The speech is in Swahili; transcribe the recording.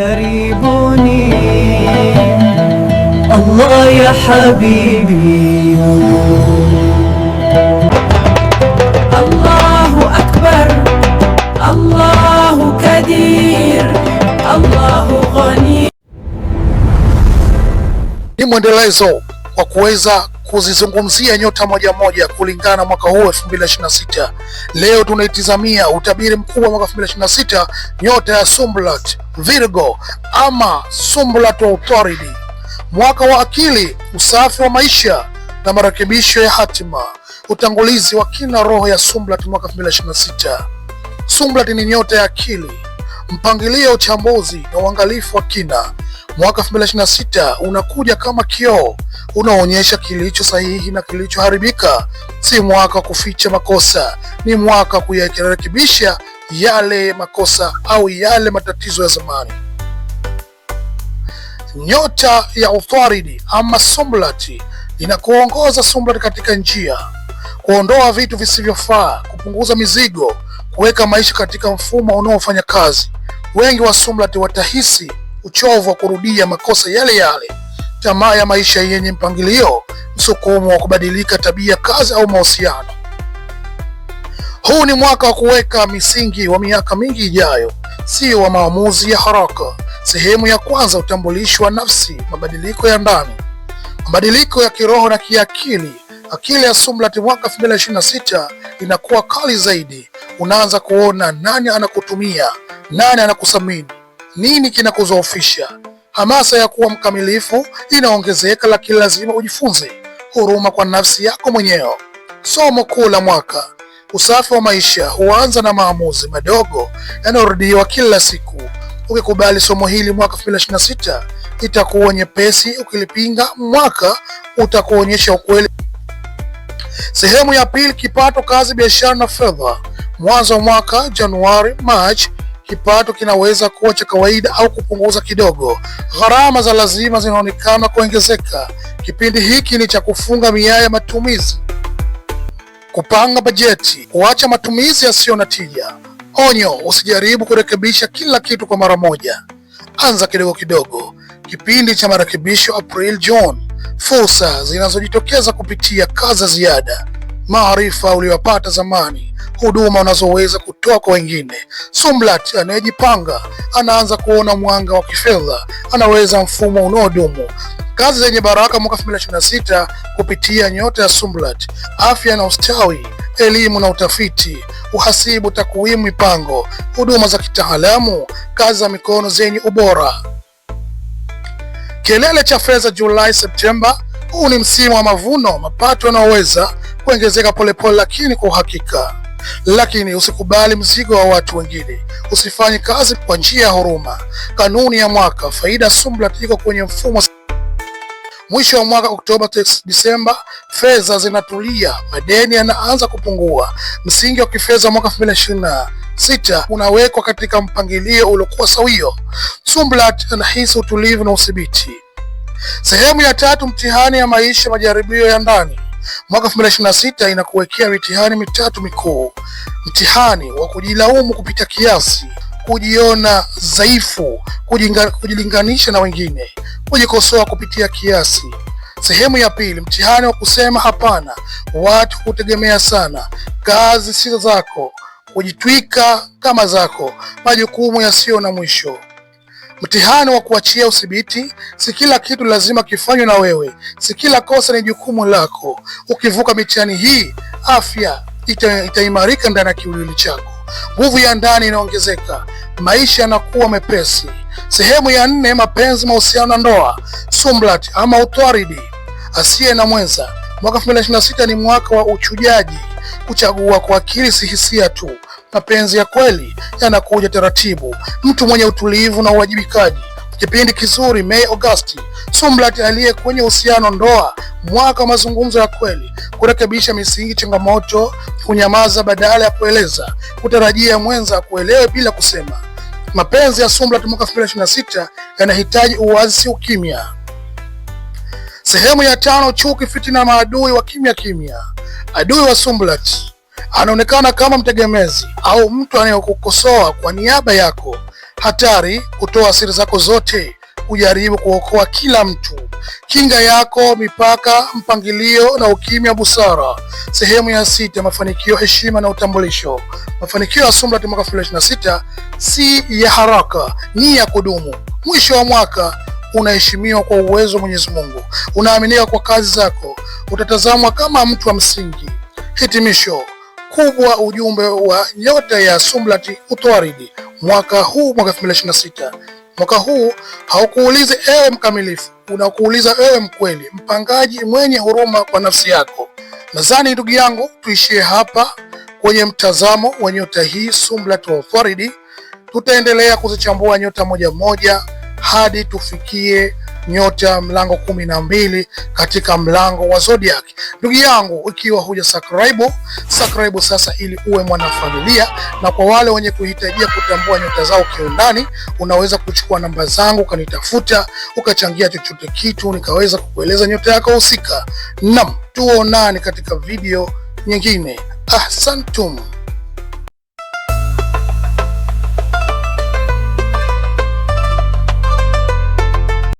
كريمني الله يا حبيبي الله أكبر الله كدير الله غني. Ni mwendelezo wa kuweza kuzizungumzia nyota moja moja kulingana na mwaka huu 2026. Leo tunaitizamia utabiri mkubwa mwaka 2026, nyota ya Sumblat Virgo ama Sumblat Authority, mwaka wa akili, usafi wa maisha na marekebisho ya hatima. Utangulizi wa kina, roho ya Sumblat mwaka 2026. Sumblat ni nyota ya akili Mpangilio, uchambuzi na uangalifu wa kina mwaka 2026 unakuja kama kioo, unaonyesha kilicho sahihi na kilichoharibika. Si mwaka wa kuficha makosa, ni mwaka wa kuyarekebisha yale makosa au yale matatizo ya zamani. Nyota ya Utharidi ama Somlati inakuongoza Somlati katika njia kuondoa vitu visivyofaa, kupunguza mizigo kuweka maisha katika mfumo unaofanya kazi. Wengi wa Sumlat watahisi uchovu wa kurudia makosa yale yale, tamaa ya maisha yenye mpangilio, msukumo wa kubadilika tabia, kazi au mahusiano. Huu ni mwaka wa kuweka misingi wa miaka mingi ijayo, sio wa maamuzi ya haraka. Sehemu ya kwanza: utambulishi wa nafsi, mabadiliko ya ndani, mabadiliko ya kiroho na kiakili. Akili ya Sumlat mwaka 2026 inakuwa kali zaidi. Unaanza kuona nani anakutumia, nani anakusamini, nini kinakuzoofisha. Hamasa ya kuwa mkamilifu inaongezeka, lakini lazima ujifunze huruma kwa nafsi yako mwenyewe. Somo kuu la mwaka: usafi wa maisha huanza na maamuzi madogo yanayorudiwa kila siku. Ukikubali somo hili mwaka 2026 itakuwa nyepesi, ukilipinga mwaka utakuonyesha ukweli. Sehemu ya pili: kipato, kazi, biashara na fedha. Mwanzo wa mwaka Januari, March, kipato kinaweza kuwa cha kawaida au kupunguza kidogo. Gharama za lazima zinaonekana kuongezeka. Kipindi hiki ni cha kufunga miaya ya matumizi, kupanga bajeti, kuacha matumizi yasiyo na tija. Onyo: usijaribu kurekebisha kila kitu kwa mara moja, anza kidogo kidogo. Kipindi cha marekebisho April June fursa zinazojitokeza kupitia kazi za ziada, maarifa uliyopata zamani, huduma unazoweza kutoa kwa wengine. Sumlat anayejipanga anaanza kuona mwanga wa kifedha, anaweza mfumo unaodumu kazi zenye baraka mwaka 2026 kupitia nyota ya Sumlat, afya na ustawi, elimu na utafiti, uhasibu, takwimu, mipango, huduma za kitaalamu, kazi za mikono zenye ubora. Kilele cha fedha Julai Septemba. Huu ni msimu wa mavuno, mapato yanayoweza kuongezeka polepole, lakini kwa uhakika. Lakini usikubali mzigo wa watu wengine, usifanye kazi kwa njia ya huruma. Kanuni ya mwaka faida sumbla iko kwenye mfumo Mwisho wa mwaka Oktoba Disemba, fedha zinatulia, madeni yanaanza kupungua. Msingi wa kifedha mwaka 2026 unawekwa katika mpangilio uliokuwa sawio. Sumblat anahisi utulivu na udhibiti. Sehemu ya tatu, mtihani ya maisha, majaribio ya ndani. Mwaka 2026 inakuwekea mitihani mitatu mikuu: mtihani wa kujilaumu kupita kiasi kujiona dhaifu, kujilinganisha na wengine, kujikosoa kupitia kiasi. Sehemu ya pili, mtihani wa kusema hapana. Watu hutegemea sana kazi sizo zako, kujitwika kama zako, majukumu yasiyo na mwisho. Mtihani wa kuachia udhibiti. Si kila kitu lazima kifanywe na wewe, si kila kosa ni jukumu lako. Ukivuka mitihani hii, afya itaimarika ita ndani ya kiwiliwili chako nguvu ya ndani inaongezeka, maisha yanakuwa mepesi. Sehemu ya nne, mapenzi, mahusiano na ndoa. sumblat ama utwaridi, asiye na mwenza. Mwaka 2026 ni mwaka wa uchujaji, kuchagua kwa akili, si hisia tu. Mapenzi ya kweli yanakuja taratibu. Mtu mwenye utulivu na uwajibikaji kipindi kizuri Mei Agosti, Sumblat aliye kwenye uhusiano ndoa, mwaka wa mazungumzo ya kweli, kurekebisha misingi, changamoto, kunyamaza badala ya kueleza, kutarajia mwenza kuelewe bila kusema. Mapenzi ya Sumblat mwaka 2026 yanahitaji uwazi, si ukimya. Sehemu ya tano: chuki, fitina, maadui wa kimya kimya. Adui wa Sumblat anaonekana kama mtegemezi au mtu anayekukosoa kwa niaba yako hatari kutoa siri zako zote, ujaribu kuokoa kila mtu. Kinga yako, mipaka, mpangilio na ukimya, busara. Sehemu ya sita: mafanikio, heshima na utambulisho. Mafanikio ya SUMRAT mwaka 2026 si ya haraka, ni ya kudumu. Mwisho wa mwaka unaheshimiwa kwa uwezo wa Mwenyezi Mungu, unaaminika kwa kazi zako, utatazamwa kama mtu wa msingi. Hitimisho kubwa ujumbe wa nyota ya Sumlat Utwaridi mwaka huu mwaka 2026. Mwaka huu haukuulizi ewe mkamilifu, unakuuliza ewe mkweli, mpangaji mwenye huruma kwa nafsi yako. Nadhani ndugu yangu, tuishie hapa kwenye mtazamo wa nyota hii Sumlat Utwaridi. Tutaendelea kuzichambua nyota moja moja hadi tufikie nyota mlango kumi na mbili katika mlango wa zodiac. Ndugu yangu, ikiwa huja subscribe, subscribe sasa ili uwe mwanafamilia, na kwa wale wenye kuhitajia kutambua nyota zao kiundani, unaweza kuchukua namba zangu ukanitafuta, ukachangia chochote kitu, nikaweza kukueleza nyota yako husika. Nam, tuonane katika video nyingine. Ahsantum.